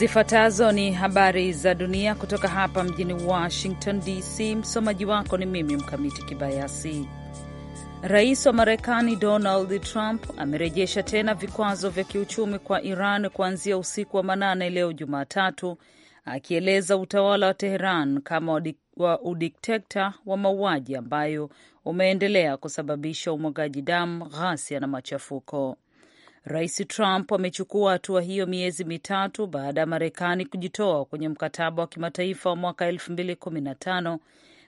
Zifuatazo ni habari za dunia kutoka hapa mjini Washington DC. Msomaji wako ni mimi Mkamiti Kibayasi. Rais wa Marekani Donald Trump amerejesha tena vikwazo vya kiuchumi kwa Iran kuanzia usiku wa manane leo Jumatatu, akieleza utawala wa Teheran kama wa udiktekta wa mauaji ambayo umeendelea kusababisha umwagaji damu, ghasia na machafuko. Rais Trump amechukua hatua hiyo miezi mitatu baada ya Marekani kujitoa kwenye mkataba wa kimataifa wa mwaka elfu mbili kumi na tano.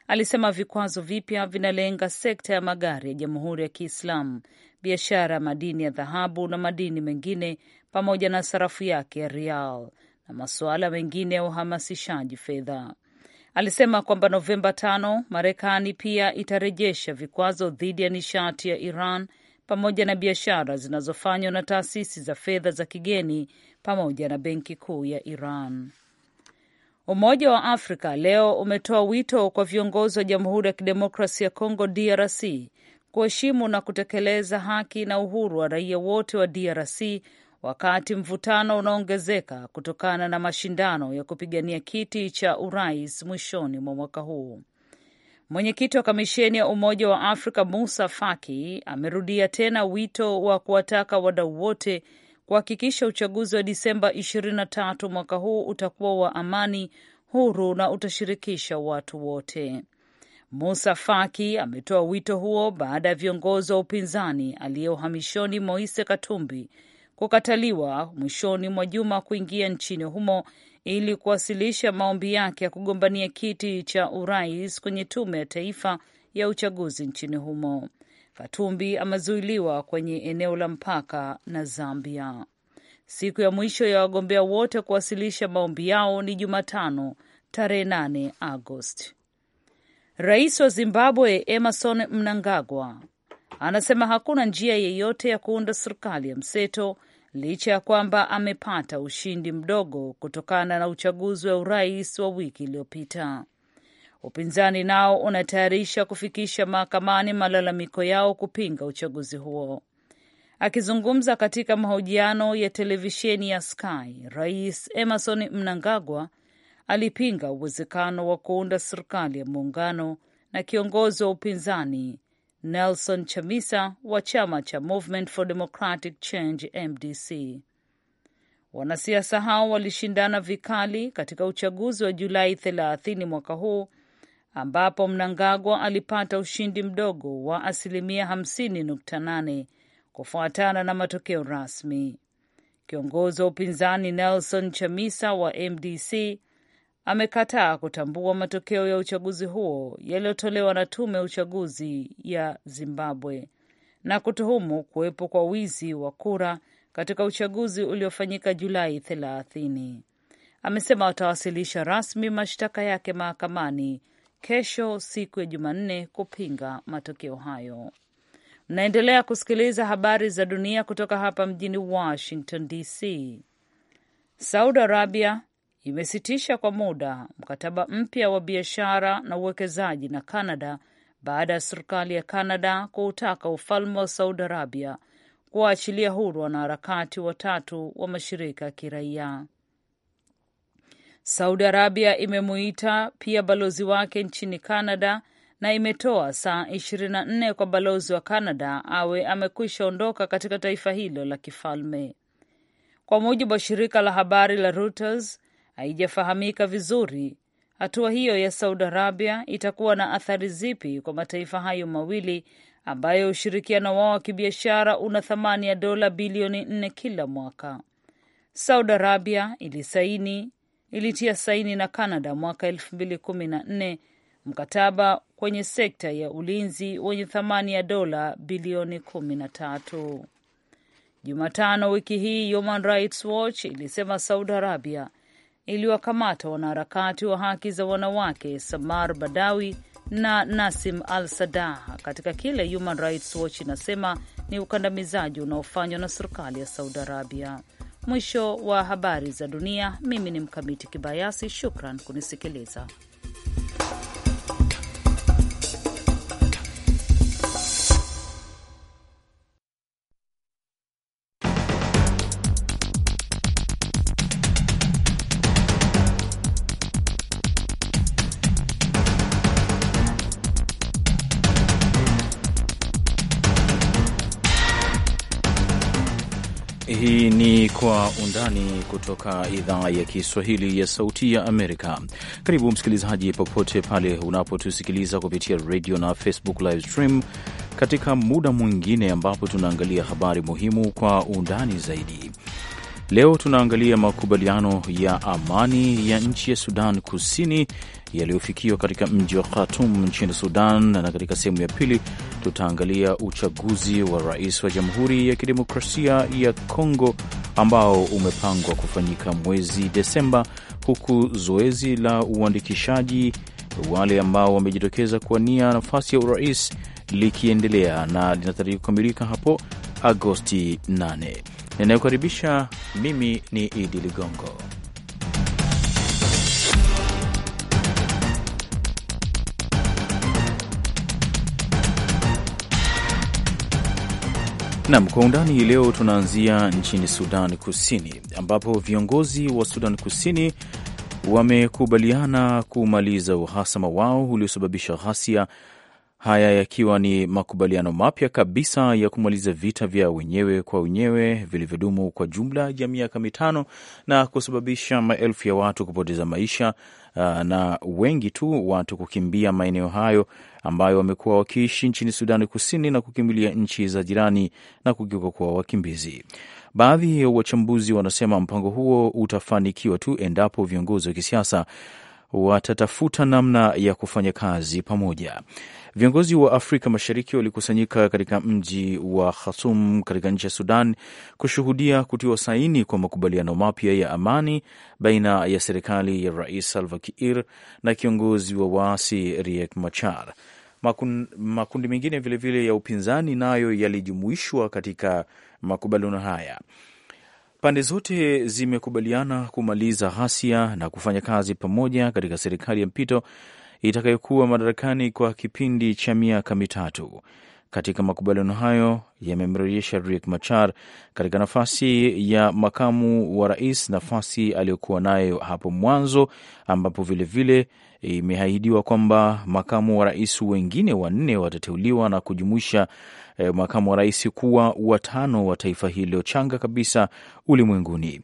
Alisema vikwazo vipya vinalenga sekta ya magari ya Jamhuri ya Kiislamu, biashara ya madini ya dhahabu na madini mengine, pamoja na sarafu yake ya rial na masuala mengine ya uhamasishaji fedha. Alisema kwamba Novemba tano Marekani pia itarejesha vikwazo dhidi ya nishati ya Iran pamoja na biashara zinazofanywa na taasisi za fedha za kigeni pamoja na benki kuu ya Iran. Umoja wa Afrika leo umetoa wito kwa viongozi wa Jamhuri ya Kidemokrasia ya Kongo DRC kuheshimu na kutekeleza haki na uhuru wa raia wote wa DRC wakati mvutano unaongezeka kutokana na mashindano ya kupigania kiti cha urais mwishoni mwa mwaka huu. Mwenyekiti wa kamisheni ya Umoja wa Afrika Musa Faki amerudia tena wito wa kuwataka wadau wote kuhakikisha uchaguzi wa Disemba 23 mwaka huu utakuwa wa amani, huru na utashirikisha watu wote. Musa Faki ametoa wito huo baada ya viongozi wa upinzani aliye uhamishoni Moise Katumbi kukataliwa mwishoni mwa juma kuingia nchini humo ili kuwasilisha maombi yake ya kugombania kiti cha urais kwenye tume ya taifa ya uchaguzi nchini humo. Katumbi amezuiliwa kwenye eneo la mpaka na Zambia. Siku ya mwisho ya wagombea wote kuwasilisha maombi yao ni Jumatano tarehe 8 Agosti. Rais wa Zimbabwe Emerson Mnangagwa anasema hakuna njia yeyote ya kuunda serikali ya mseto licha ya kwamba amepata ushindi mdogo kutokana na uchaguzi wa urais wa wiki iliyopita. Upinzani nao unatayarisha kufikisha mahakamani malalamiko yao kupinga uchaguzi huo. Akizungumza katika mahojiano ya televisheni ya Sky, Rais Emerson Mnangagwa alipinga uwezekano wa kuunda serikali ya muungano na kiongozi wa upinzani Nelson Chamisa wa chama cha Movement for Democratic Change MDC. Wanasiasa hao walishindana vikali katika uchaguzi wa Julai 30 mwaka huu ambapo Mnangagwa alipata ushindi mdogo wa asilimia 50.8 kufuatana na matokeo rasmi. Kiongozi wa upinzani Nelson Chamisa wa MDC amekataa kutambua matokeo ya uchaguzi huo yaliyotolewa na tume ya uchaguzi ya Zimbabwe na kutuhumu kuwepo kwa wizi wa kura katika uchaguzi uliofanyika Julai 30. Amesema watawasilisha rasmi mashtaka yake mahakamani kesho siku ya Jumanne kupinga matokeo hayo. Mnaendelea kusikiliza habari za dunia kutoka hapa mjini Washington DC. Saudi Arabia imesitisha kwa muda mkataba mpya wa biashara na uwekezaji na Canada baada ya serikali ya Canada kuutaka ufalme wa Saudi Arabia kuwaachilia huru wanaharakati watatu wa mashirika ya kiraia. Saudi Arabia imemuita pia balozi wake nchini Canada na imetoa saa 24 kwa balozi wa Canada awe amekwisha ondoka katika taifa hilo la kifalme. Kwa mujibu wa shirika la habari la Reuters, haijafahamika vizuri. Hatua hiyo ya Saudi Arabia itakuwa na athari zipi kwa mataifa hayo mawili ambayo ushirikiano wao wa kibiashara una thamani ya dola bilioni nne kila mwaka? Saudi Arabia ilisaini, ilitia saini na Canada mwaka elfu mbili kumi na nne mkataba kwenye sekta ya ulinzi wenye thamani ya dola bilioni kumi na tatu. Jumatano wiki hii Human Rights Watch ilisema Saudi Arabia iliwakamata wanaharakati wa haki za wanawake Samar Badawi na Nasim Al Sadah katika kile Human Rights Watch inasema ni ukandamizaji unaofanywa na serikali ya Saudi Arabia. Mwisho wa habari za dunia. Mimi ni Mkamiti Kibayasi, shukran kunisikiliza. undani kutoka idhaa ya Kiswahili ya Sauti ya Amerika. Karibu msikilizaji, popote pale unapotusikiliza kupitia radio na Facebook live stream, katika muda mwingine ambapo tunaangalia habari muhimu kwa undani zaidi. Leo tunaangalia makubaliano ya amani ya nchi ya Sudan Kusini yaliyofikiwa katika mji wa Khartoum nchini Sudan, na katika sehemu ya pili tutaangalia uchaguzi wa rais wa Jamhuri ya Kidemokrasia ya Kongo ambao umepangwa kufanyika mwezi Desemba, huku zoezi la uandikishaji wale ambao wamejitokeza kuwania nafasi ya urais likiendelea na linatarajia kukamilika hapo Agosti 8. Ninayokaribisha mimi ni Idi Ligongo. Nam kwa undani hii leo, tunaanzia nchini Sudan Kusini ambapo viongozi wa Sudan Kusini wamekubaliana kumaliza uhasama wao uliosababisha ghasia haya yakiwa ni makubaliano mapya kabisa ya kumaliza vita vya wenyewe kwa wenyewe vilivyodumu kwa jumla ya miaka mitano na kusababisha maelfu ya watu kupoteza maisha na wengi tu watu kukimbia maeneo hayo ambayo wamekuwa wakiishi nchini Sudani Kusini na kukimbilia nchi za jirani na kugeuka kuwa wakimbizi. Baadhi ya wachambuzi wanasema mpango huo utafanikiwa tu endapo viongozi wa kisiasa watatafuta namna ya kufanya kazi pamoja. Viongozi wa Afrika Mashariki walikusanyika katika mji wa Khartoum katika nchi ya Sudan kushuhudia kutiwa saini kwa makubaliano mapya ya amani baina ya serikali ya Rais Salva Kiir na kiongozi wa waasi Riek Machar. Makundi mengine vilevile ya upinzani nayo yalijumuishwa katika makubaliano haya. Pande zote zimekubaliana kumaliza ghasia na kufanya kazi pamoja katika serikali ya mpito itakayokuwa madarakani kwa kipindi cha miaka mitatu. Katika makubaliano hayo yamemrejesha Riek Machar katika nafasi ya makamu wa rais, nafasi aliyokuwa nayo hapo mwanzo, ambapo vilevile imeahidiwa kwamba makamu wa rais wengine wanne watateuliwa na kujumuisha e, makamu wa rais kuwa watano wa taifa hilo changa kabisa ulimwenguni.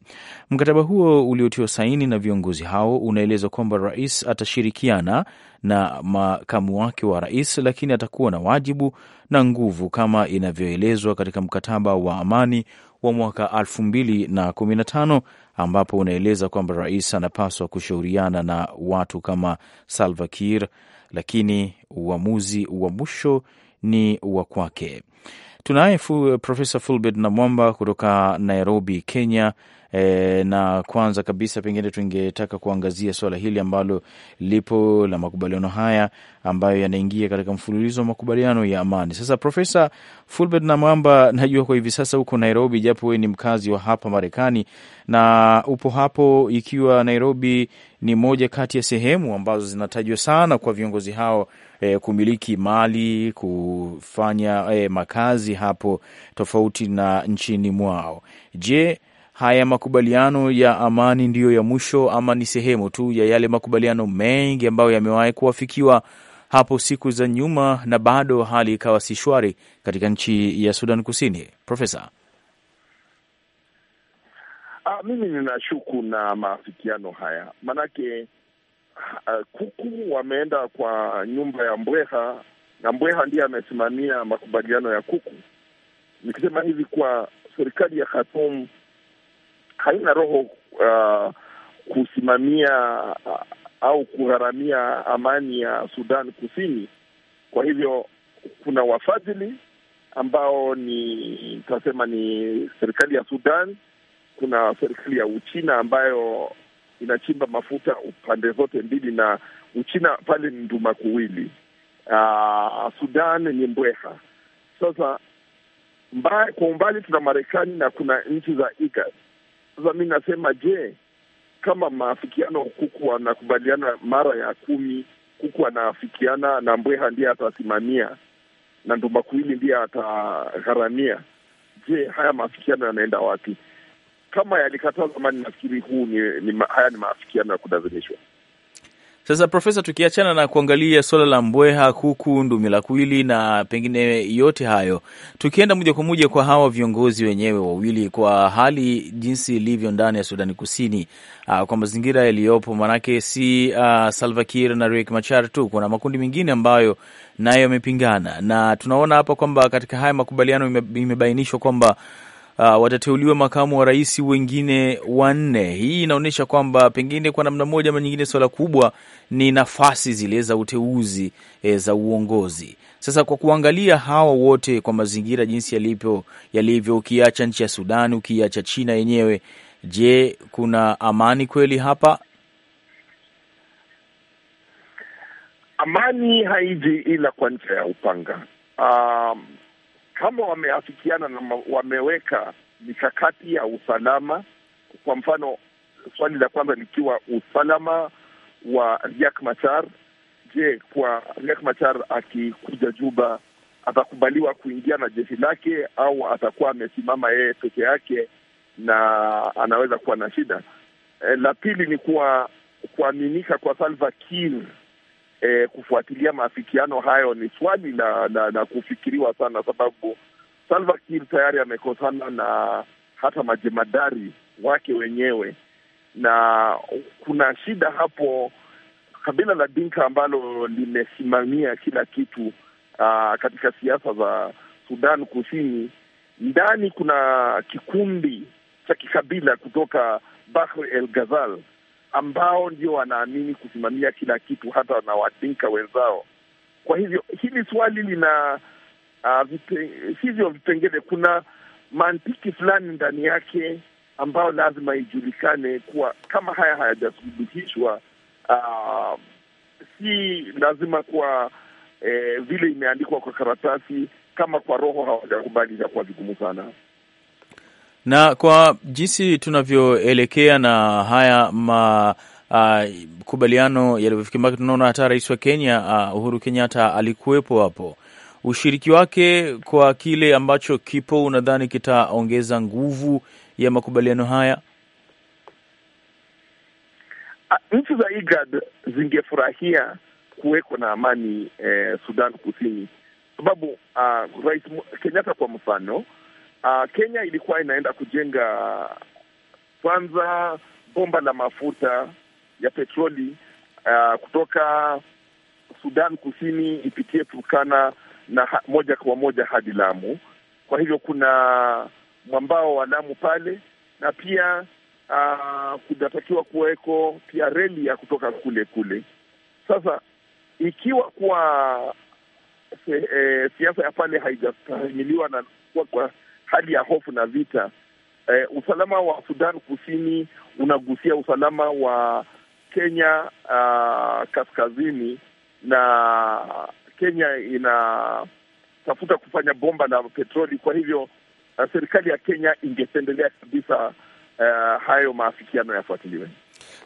Mkataba huo uliotiwa saini na viongozi hao unaeleza kwamba rais atashirikiana na makamu wake wa rais, lakini atakuwa na wajibu na nguvu kama inavyoelezwa katika mkataba wa amani wa mwaka elfu ambapo unaeleza kwamba rais anapaswa kushauriana na watu kama Salva Kiir, lakini uamuzi wa mwisho ni wa kwake. Tunaye eh, Profesa Fulbert Namwamba kutoka Nairobi, Kenya. E, na kwanza kabisa pengine tungetaka kuangazia suala hili ambalo lipo la makubaliano haya ambayo yanaingia katika mfululizo wa makubaliano ya amani. Sasa Profesa Fulbert Namwamba, najua kwa hivi sasa huko Nairobi, japo wewe ni mkazi wa hapa Marekani na upo hapo, ikiwa Nairobi ni moja kati ya sehemu ambazo zinatajwa sana kwa viongozi hao e, kumiliki mali, kufanya e, makazi hapo, tofauti na nchini mwao. Je, haya makubaliano ya amani ndiyo ya mwisho ama ni sehemu tu ya yale makubaliano mengi ambayo yamewahi kuwafikiwa hapo siku za nyuma na bado hali ikawa si shwari katika nchi ya Sudan Kusini? Profesa. Ah, mimi ninashuku na maafikiano haya, manake uh, kuku wameenda kwa nyumba ya mbweha na mbweha ndiye amesimamia makubaliano ya kuku. Nikisema hivi kwa serikali ya Khartoum haina roho uh, kusimamia uh, au kugharamia amani ya Sudan Kusini. Kwa hivyo kuna wafadhili ambao ni tasema ni serikali ya Sudan, kuna serikali ya Uchina ambayo inachimba mafuta pande zote mbili, na Uchina pale ni uh, ah, Sudan ni mbweha. Sasa mbaya, kwa umbali tuna Marekani na kuna nchi za IGAD. Sasa mi nasema je, kama maafikiano kuku wanakubaliana mara ya kumi, kuku anaafikiana na mbweha ndiye atasimamia na ndumakuwili ndiye atagharamia, je haya maafikiano yanaenda wapi? kama yalikataa zamani, nafikiri huu ni, ni, haya ni maafikiano ya kulazimishwa. Sasa Profesa, tukiachana na kuangalia suala la mbweha, kuku, kwili na pengine yote hayo, tukienda moja kwa moja kwa hawa viongozi wenyewe wawili, kwa hali jinsi ilivyo ndani ya Sudani Kusini, uh, kwa mazingira yaliyopo, maanake si uh, Salva Kiir na Riek Machar tu, kuna makundi mengine ambayo nayo yamepingana, na tunaona hapa kwamba katika haya makubaliano imebainishwa kwamba uh, watateuliwa makamu wa rais wengine wanne. Hii inaonyesha kwamba pengine kwa namna moja ama nyingine swala kubwa ni nafasi zile za uteuzi e, za uongozi. Sasa kwa kuangalia hawa wote kwa mazingira jinsi yalivyo yalivyo, ukiacha nchi ya Sudan, ukiacha China yenyewe, je, kuna amani kweli hapa? Amani haiji ila kwa ncha ya upanga. Um, kama wameafikiana na wameweka mikakati ya usalama. Kwa mfano, swali la kwanza likiwa usalama wa riak Machar. Je, kwa riak Machar akikuja Juba atakubaliwa kuingia na jeshi lake au atakuwa amesimama yeye peke yake na anaweza kuwa na shida? E, la pili ni kuwa kuaminika kwa Salva Kiir e, kufuatilia maafikiano hayo ni swali la, la, la kufikiriwa sana, sababu Salva Kiir tayari amekosana na hata majemadari wake wenyewe, na kuna shida hapo. Kabila la Dinka ambalo limesimamia kila kitu aa, ah, katika siasa za Sudan Kusini, ndani kuna kikundi cha kikabila kutoka Bahr el Ghazal ambao ndio wanaamini kusimamia kila kitu, hata wanawadinka wenzao. Kwa hivyo hili swali lina uh, vipe, hivyo vipengele, kuna mantiki fulani ndani yake ambayo lazima ijulikane kuwa kama haya hayajasuluhishwa, uh, si lazima kuwa eh, vile imeandikwa kwa karatasi, kama kwa roho hawajakubali, itakuwa vigumu sana na kwa jinsi tunavyoelekea na haya makubaliano uh, yalivyofikia mpaka tunaona hata rais wa Kenya uh, Uhuru Kenyatta alikuwepo hapo. Ushiriki wake kwa kile ambacho kipo, unadhani kitaongeza nguvu ya makubaliano haya? Nchi za IGAD zingefurahia kuweko na amani eh, Sudan Kusini, sababu uh, rais Kenyatta kwa mfano uh, Kenya ilikuwa inaenda kujenga kwanza bomba la mafuta ya petroli uh, kutoka Sudan Kusini ipitie Turkana na ha, moja kwa moja hadi Lamu. Kwa hivyo kuna mwambao wa Lamu pale na pia uh, ah, kunatakiwa kuweko pia reli ya kutoka kule kule. Sasa ikiwa kuwa eh, siasa e, ya pale haijastahimiliwa na kwa, kwa hali ya hofu na vita. Eh, usalama wa Sudan Kusini unagusia usalama wa Kenya uh, kaskazini na Kenya inatafuta kufanya bomba la petroli. Kwa hivyo uh, serikali ya Kenya ingependelea kabisa uh, hayo maafikiano yafuatiliwe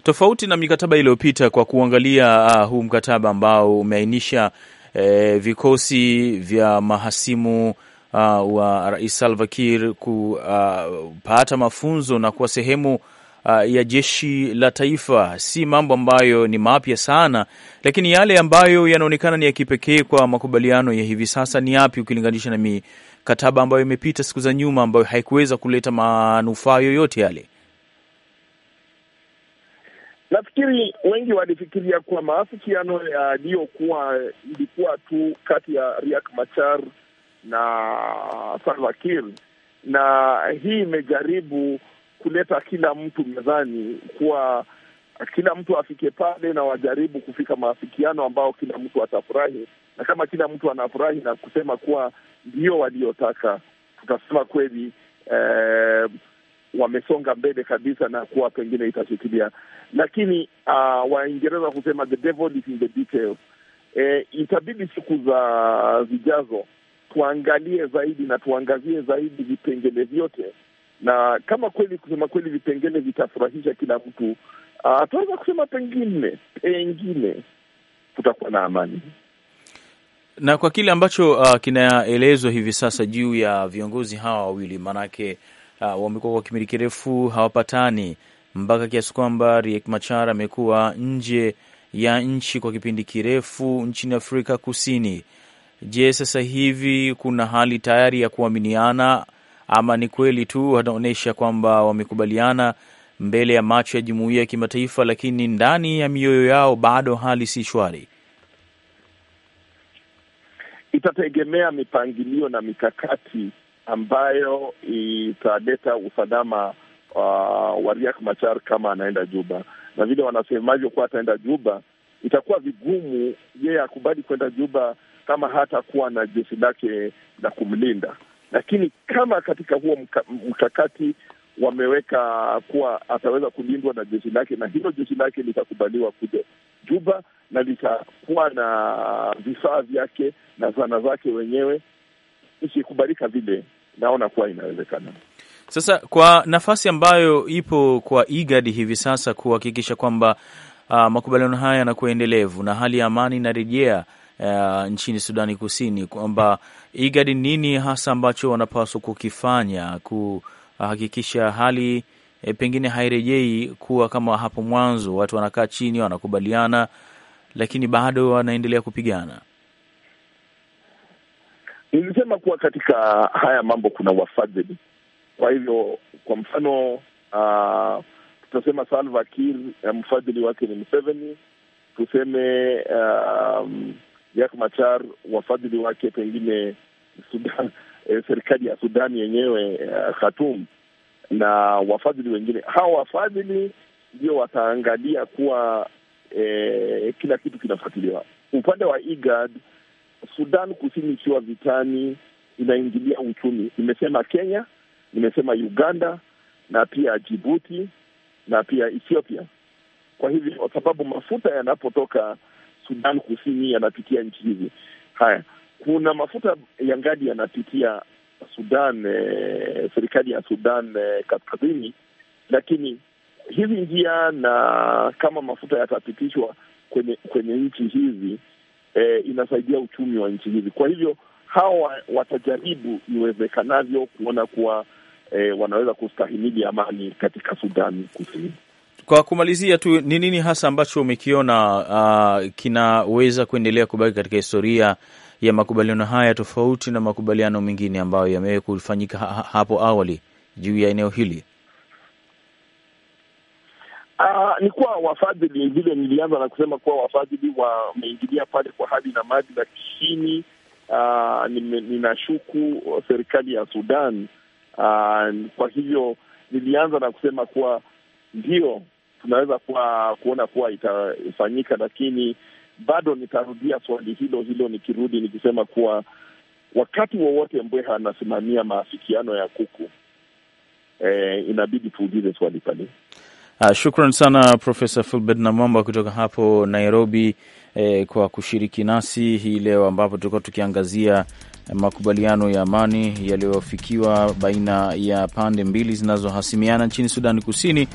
tofauti na mikataba iliyopita kwa kuangalia uh, huu mkataba ambao umeainisha uh, vikosi vya mahasimu uh, wa Rais Salva Kiir kupata uh, mafunzo na kuwa sehemu Uh, ya jeshi la taifa si mambo ambayo ni mapya sana, lakini yale ambayo yanaonekana ni ya kipekee kwa makubaliano ya hivi sasa ni yapi ukilinganisha na mikataba ambayo imepita siku za nyuma ambayo haikuweza kuleta manufaa yoyote yale? Nafikiri wengi walifikiria kuwa maafikiano yaliyokuwa ilikuwa tu kati ya riak Machar na Salva Kiir, na hii imejaribu kuleta kila mtu mezani, kuwa kila mtu afike pale na wajaribu kufika maafikiano ambao kila mtu atafurahi, na kama kila mtu anafurahi na kusema kuwa ndio waliotaka, tutasema kweli eh, wamesonga mbele kabisa na kuwa pengine itashikilia, lakini uh, Waingereza kusema the devil is in the details. Eh, itabidi siku za zijazo tuangalie zaidi na tuangazie zaidi vipengele vyote, na kama kweli, kusema kweli, vipengele vitafurahisha kila mtu, uh, tunaweza kusema pengine, pengine kutakuwa na amani na kwa kile ambacho uh, kinaelezwa hivi sasa juu ya viongozi hawa wawili maanake, uh, ah, wamekuwa kwa kipindi kirefu hawapatani mpaka kiasi kwamba Riek Machar amekuwa nje ya nchi kwa kipindi kirefu nchini Afrika Kusini. Je, sasa hivi kuna hali tayari ya kuaminiana ama ni kweli tu wanaonyesha kwamba wamekubaliana mbele ya macho ya jumuiya ya kimataifa, lakini ndani ya mioyo yao bado hali si shwari? Itategemea mipangilio na mikakati ambayo italeta usalama uh, wa Riek Machar kama anaenda Juba, na vile wanasemavyo kuwa ataenda Juba, itakuwa vigumu yeye akubali kwenda Juba kama hata kuwa na jeshi lake la kumlinda. Lakini kama katika huo mkakati wameweka kuwa ataweza kulindwa na jeshi lake, na hilo jeshi lake litakubaliwa kuja Juba na litakuwa na vifaa vyake na zana zake wenyewe, ikikubalika vile, naona kuwa inawezekana. Sasa kwa nafasi ambayo ipo kwa IGAD hivi sasa kuhakikisha kwamba uh, makubaliano haya yanakuwa endelevu na hali ya amani inarejea Eh, nchini Sudani Kusini kwamba IGAD nini hasa ambacho wanapaswa kukifanya kuhakikisha hali e, pengine hairejei kuwa kama hapo mwanzo, watu wanakaa chini wanakubaliana, lakini bado wanaendelea kupigana. Nilisema kuwa katika haya mambo kuna wafadhili, kwa hivyo kwa mfano uh, tutasema Salva Kiir eh, mfadhili wake ni Museveni, tuseme ah, Riek Machar, wafadhili wake pengine Sudan, eh, serikali ya Sudan yenyewe eh, Khartoum na wafadhili wengine. Hawa wafadhili ndio wataangalia kuwa eh, kila kitu kinafuatiliwa. Upande wa IGAD, Sudan Kusini ikiwa vitani inaingilia uchumi. Nimesema Kenya, nimesema Uganda na pia Jibuti na pia Ethiopia. Kwa hivyo, kwa sababu mafuta yanapotoka Sudan Kusini yanapitia nchi hizi. Haya, kuna mafuta ya ngadi yanapitia Sudan, eh, serikali ya Sudan eh, Kaskazini, lakini hizi njia na kama mafuta yatapitishwa kwenye kwenye nchi hizi eh, inasaidia uchumi wa nchi hizi. Kwa hivyo hawa watajaribu iwezekanavyo kuona kuwa eh, wanaweza kustahimili amani katika Sudan Kusini. Kwa kumalizia tu, ni nini hasa ambacho umekiona uh, kinaweza kuendelea kubaki katika historia ya makubaliano haya tofauti na makubaliano mengine ambayo yamewe kufanyika hapo awali juu ya eneo hili? Uh, ni kuwa wafadhili, vile nilianza na kusema kuwa wafadhili wameingilia pale kwa hali na mali, lakini uh, ninashuku serikali ya Sudan uh, kwa hivyo nilianza na kusema kuwa ndio tunaweza kuwa kuona kuwa itafanyika, lakini bado nitarudia swali hilo hilo nikirudi nikisema kuwa wakati wowote wa mbweha anasimamia maafikiano ya kuku e, inabidi tuulize swali pale. Uh, shukran sana Profesa Fulbert Namwamba kutoka hapo Nairobi eh, kwa kushiriki nasi hii leo ambapo tulikuwa tukiangazia makubaliano ya amani yaliyofikiwa baina ya pande mbili zinazohasimiana nchini Sudani Kusini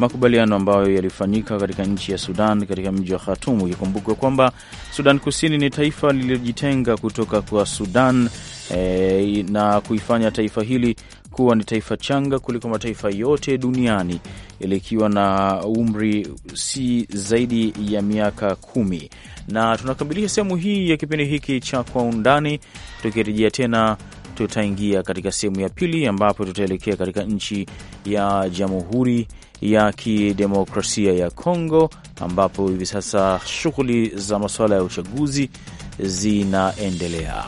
makubaliano ambayo yalifanyika katika nchi ya Sudan katika mji wa Khartoum. Ikumbukwe kwamba Sudan Kusini ni taifa lililojitenga kutoka kwa Sudan e, na kuifanya taifa hili kuwa ni taifa changa kuliko mataifa yote duniani likiwa na umri si zaidi ya miaka kumi. Na tunakamilisha sehemu hii ya kipindi hiki cha Kwa Undani. Tukirejea tena, tutaingia katika sehemu ya pili ambapo tutaelekea katika nchi ya Jamhuri ya Kidemokrasia ya Kongo, ambapo hivi sasa shughuli za masuala ya uchaguzi zinaendelea.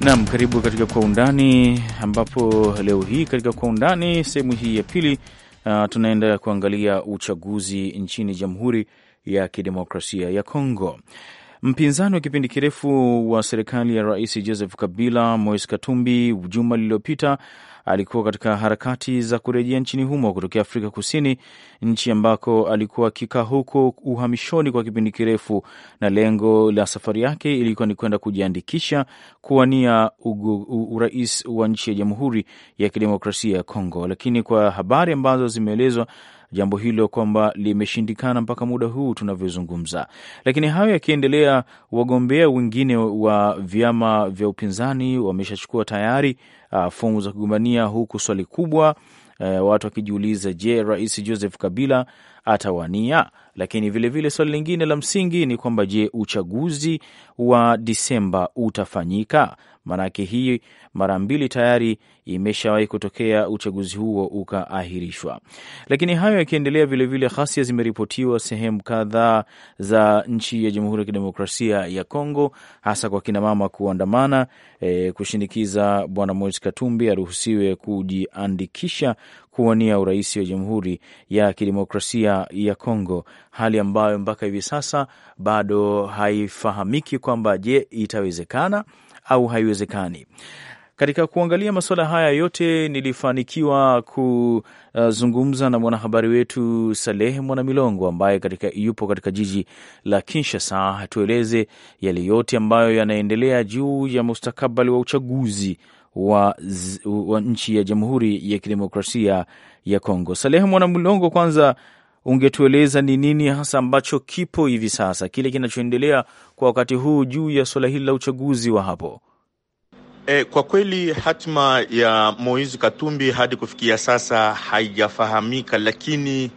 nam karibu katika Kwa Undani, ambapo leo hii katika Kwa Undani sehemu hii ya pili, uh, tunaenda kuangalia uchaguzi nchini Jamhuri ya Kidemokrasia ya Kongo. Mpinzani wa kipindi kirefu wa serikali ya Rais Joseph Kabila, Moise Katumbi, juma lililopita alikuwa katika harakati za kurejea nchini humo kutokea Afrika Kusini, nchi ambako alikuwa akikaa huko uhamishoni kwa kipindi kirefu, na lengo la safari yake ilikuwa ni kwenda kujiandikisha kuwania urais wa nchi ya Jamhuri ya Kidemokrasia ya Kongo. Lakini kwa habari ambazo zimeelezwa jambo hilo kwamba limeshindikana mpaka muda huu tunavyozungumza. Lakini hayo yakiendelea, wagombea wengine wa vyama vya upinzani wameshachukua tayari uh, fomu za kugombania, huku swali kubwa uh, watu wakijiuliza, je, Rais Joseph Kabila atawania? Lakini vilevile swali lingine la msingi ni kwamba je, uchaguzi wa Disemba utafanyika? Maanake hii mara mbili tayari imeshawahi kutokea, uchaguzi huo ukaahirishwa. Lakini hayo yakiendelea, vilevile ghasia zimeripotiwa sehemu kadhaa za nchi ya Jamhuri ya Kidemokrasia ya Kongo, hasa kwa kinamama kuandamana e, kushinikiza Bwana Moise Katumbi aruhusiwe kujiandikisha kuwania urais wa Jamhuri ya Kidemokrasia ya Kongo, hali ambayo mpaka hivi sasa bado haifahamiki kwamba je, itawezekana au haiwezekani. Katika kuangalia masuala haya yote nilifanikiwa kuzungumza na mwanahabari wetu Saleh Mwanamilongo ambaye katika, yupo katika jiji la Kinshasa, atueleze yale yote ambayo yanaendelea juu ya mustakabali wa uchaguzi wa, wa nchi ya Jamhuri ya Kidemokrasia ya Kongo. Saleh Mwanamilongo, kwanza ungetueleza ni nini hasa ambacho kipo hivi sasa, kile kinachoendelea kwa wakati huu juu ya suala hili la uchaguzi wa hapo? E, kwa kweli hatima ya Moise Katumbi hadi kufikia sasa haijafahamika, lakini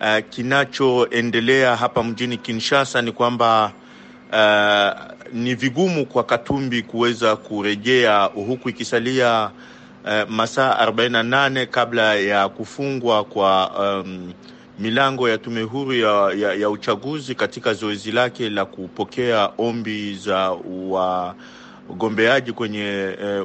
uh, kinachoendelea hapa mjini Kinshasa ni kwamba uh, ni vigumu kwa Katumbi kuweza kurejea huku ikisalia uh, masaa 48 kabla ya kufungwa kwa um, milango ya tume huru ya, ya, ya uchaguzi katika zoezi lake la kupokea ombi za wagombeaji kwenye eh,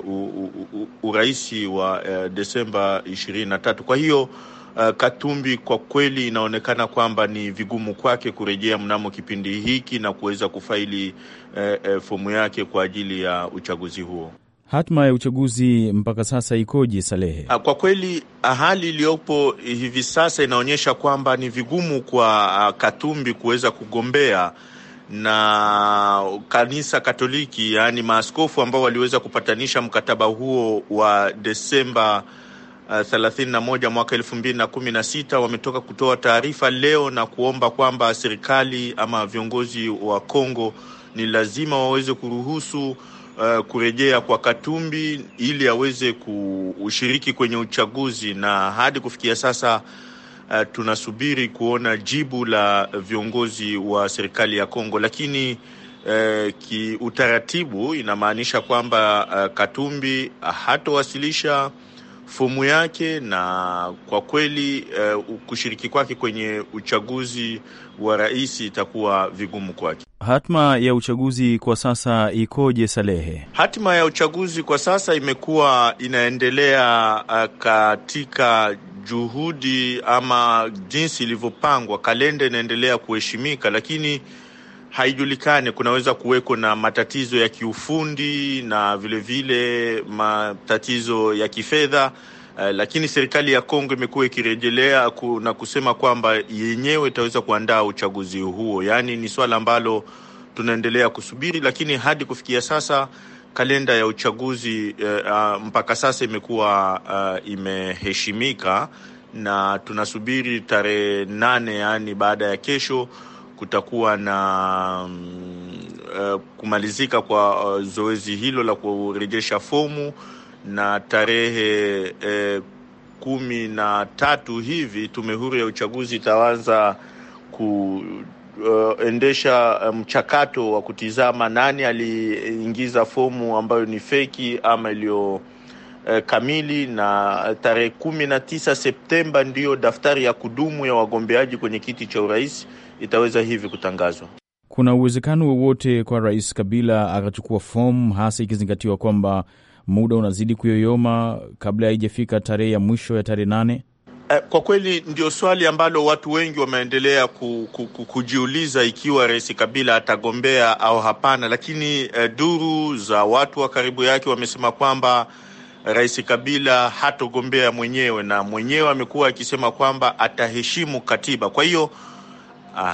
uraisi wa eh, Desemba 23. Kwa hiyo Uh, Katumbi kwa kweli inaonekana kwamba ni vigumu kwake kurejea mnamo kipindi hiki na kuweza kufaili eh, eh, fomu yake kwa ajili ya uchaguzi huo. Hatma ya uchaguzi mpaka sasa ikoje, Salehe? Ah, kwa kweli ah, hali iliyopo hivi sasa inaonyesha kwamba ni vigumu kwa ah, Katumbi kuweza kugombea na kanisa Katoliki, yaani maaskofu ambao waliweza kupatanisha mkataba huo wa Desemba 31 mwaka 2016 wametoka kutoa taarifa leo na kuomba kwamba serikali ama viongozi wa Kongo ni lazima waweze kuruhusu uh, kurejea kwa Katumbi ili aweze kushiriki kwenye uchaguzi, na hadi kufikia sasa uh, tunasubiri kuona jibu la viongozi wa serikali ya Kongo, lakini uh, eh, kiutaratibu inamaanisha kwamba uh, Katumbi hatowasilisha fomu yake na kwa kweli uh, kushiriki kwake kwenye uchaguzi wa rais itakuwa vigumu kwake. Hatma ya uchaguzi kwa sasa ikoje, Salehe? hatima ya uchaguzi kwa sasa imekuwa inaendelea uh, katika juhudi ama jinsi ilivyopangwa, kalenda inaendelea kuheshimika, lakini haijulikani, kunaweza kuweko na matatizo ya kiufundi na vilevile vile matatizo ya kifedha. Uh, lakini serikali ya Kongo imekuwa ikirejelea ku, na kusema kwamba yenyewe itaweza kuandaa uchaguzi huo. Yaani ni swala ambalo tunaendelea kusubiri, lakini hadi kufikia sasa kalenda ya uchaguzi uh, uh, mpaka sasa imekuwa uh, imeheshimika na tunasubiri tarehe nane, yaani baada ya kesho kutakuwa na uh, kumalizika kwa uh, zoezi hilo la kurejesha fomu na tarehe uh, kumi na tatu hivi tume huru ya uchaguzi itaanza kuendesha uh, mchakato um, wa kutizama nani aliingiza fomu ambayo ni feki ama iliyo eh, kamili na tarehe kumi na tisa Septemba ndiyo daftari ya kudumu ya wagombeaji kwenye kiti cha urais itaweza hivi kutangazwa. Kuna uwezekano wowote kwa Rais Kabila akachukua fomu, hasa ikizingatiwa kwamba muda unazidi kuyoyoma kabla haijafika tarehe ya mwisho ya tarehe nane? Eh, kwa kweli ndio swali ambalo watu wengi wameendelea ku, ku, ku, kujiuliza ikiwa Rais Kabila atagombea au hapana, lakini eh, duru za watu wa karibu yake wamesema kwamba Rais Kabila hatogombea mwenyewe, na mwenyewe amekuwa akisema kwamba ataheshimu katiba. Kwa hiyo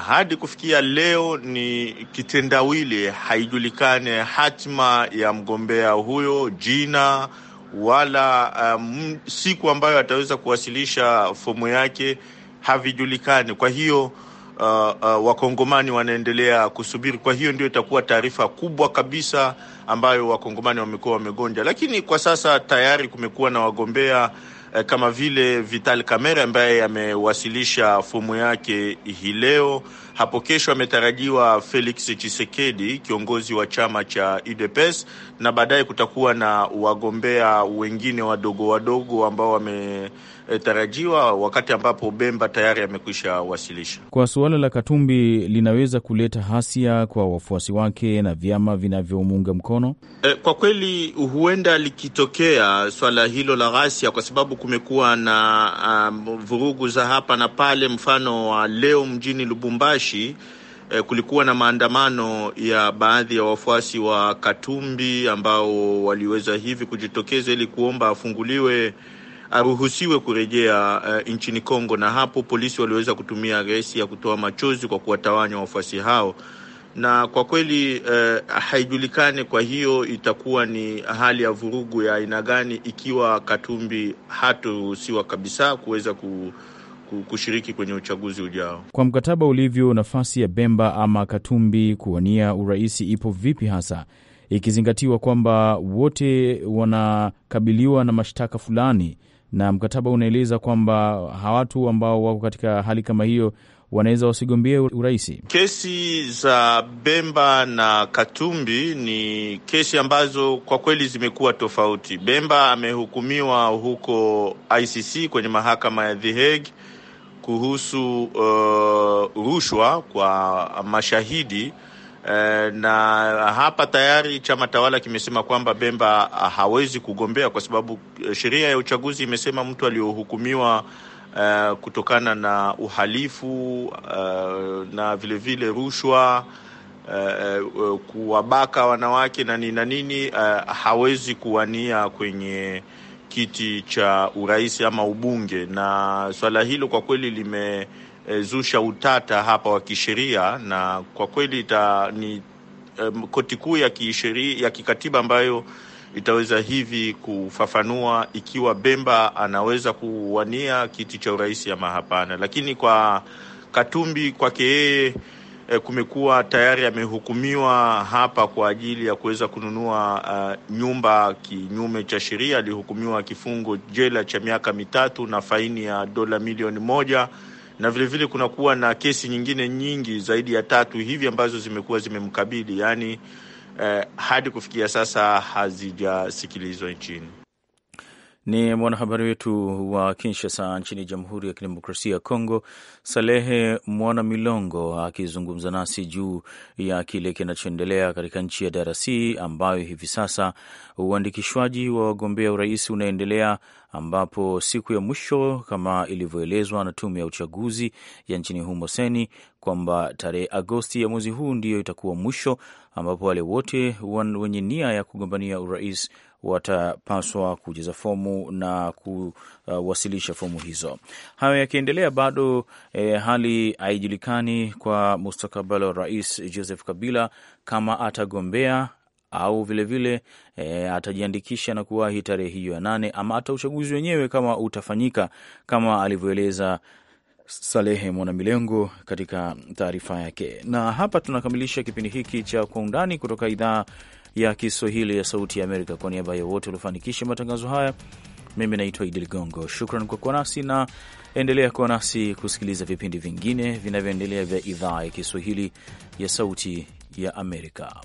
hadi kufikia leo ni kitendawili, haijulikani hatima ya mgombea huyo, jina wala um, siku ambayo ataweza kuwasilisha fomu yake havijulikani. Kwa hiyo uh, uh, wakongomani wanaendelea kusubiri. Kwa hiyo ndio itakuwa taarifa kubwa kabisa ambayo wakongomani wamekuwa wamegonja, lakini kwa sasa tayari kumekuwa na wagombea uh, kama vile Vital Kamerhe ambaye amewasilisha fomu yake hii leo. Hapo kesho ametarajiwa Felix Chisekedi, kiongozi wa chama cha UDPS, na baadaye kutakuwa na wagombea wengine wadogo wadogo ambao wame e, tarajiwa wakati ambapo Bemba tayari amekwisha wasilisha. Kwa suala la Katumbi linaweza kuleta hasia kwa wafuasi wake na vyama vinavyomuunga mkono e, kwa kweli huenda likitokea swala hilo la ghasia, kwa sababu kumekuwa na um, vurugu za hapa na pale. Mfano wa leo mjini Lubumbashi eh, kulikuwa na maandamano ya baadhi ya wafuasi wa Katumbi ambao waliweza hivi kujitokeza ili kuomba afunguliwe aruhusiwe kurejea uh, nchini Kongo, na hapo polisi waliweza kutumia gesi ya kutoa machozi kwa kuwatawanya wafuasi hao, na kwa kweli uh, haijulikani. Kwa hiyo itakuwa ni hali ya vurugu ya aina gani ikiwa Katumbi hatoruhusiwa kabisa kuweza ku kushiriki kwenye uchaguzi ujao. Kwa mkataba ulivyo, nafasi ya Bemba ama Katumbi kuwania urais ipo vipi hasa ikizingatiwa kwamba wote wanakabiliwa na mashtaka fulani na mkataba unaeleza kwamba hawatu ambao wako katika hali kama hiyo wanaweza wasigombee uraisi. Kesi za Bemba na Katumbi ni kesi ambazo kwa kweli zimekuwa tofauti. Bemba amehukumiwa huko ICC kwenye mahakama ya The Hague kuhusu uh, rushwa kwa mashahidi E, na hapa tayari chama tawala kimesema kwamba Bemba ah, hawezi kugombea kwa sababu eh, sheria ya uchaguzi imesema mtu aliyohukumiwa uh, eh, kutokana na uhalifu uh, na vilevile rushwa uh, uh, kuwabaka wanawake na nini na nini uh, hawezi kuwania kwenye kiti cha urais ama ubunge, na swala hilo kwa kweli lime e, zusha utata hapa wa kisheria na kwa kweli ita, ni e, koti kuu ya kisheria ya kikatiba ambayo itaweza hivi kufafanua ikiwa Bemba anaweza kuwania kiti cha urais ama hapana. Lakini kwa Katumbi kwake yeye e, kumekuwa tayari amehukumiwa hapa kwa ajili ya kuweza kununua uh, nyumba kinyume cha sheria. Alihukumiwa kifungo jela cha miaka mitatu na faini ya dola milioni moja na vilevile kunakuwa na kesi nyingine nyingi zaidi ya tatu hivi ambazo zimekuwa zimemkabili yani, eh, hadi kufikia sasa hazijasikilizwa nchini ni mwanahabari wetu wa Kinshasa nchini Jamhuri ya Kidemokrasia ya Kongo, Salehe Mwana Milongo akizungumza nasi juu ya kile kinachoendelea katika nchi ya DRC ambayo hivi sasa uandikishwaji wa wagombea urais unaendelea, ambapo siku ya mwisho kama ilivyoelezwa na tume ya uchaguzi ya nchini humo seni kwamba tarehe Agosti ya mwezi huu ndiyo itakuwa mwisho ambapo wale wote wenye nia ya kugombania urais watapaswa kujaza fomu na kuwasilisha fomu hizo. Hayo yakiendelea, bado e, hali haijulikani kwa mustakabali wa Rais Joseph Kabila kama atagombea au vilevile vile, e, atajiandikisha na kuwahi tarehe hiyo ya nane ama hata uchaguzi wenyewe kama utafanyika kama alivyoeleza Salehe Mwanamilengo katika taarifa yake. Na hapa tunakamilisha kipindi hiki cha Kwa Undani kutoka idhaa ya Kiswahili ya Sauti ya Amerika. Kwa niaba ya wote waliofanikisha matangazo haya, mimi naitwa Idi Ligongo. Shukran kwa kuwa nasi na endelea kuwa nasi kusikiliza vipindi vingine vinavyoendelea vya idhaa ya Kiswahili ya Sauti ya Amerika.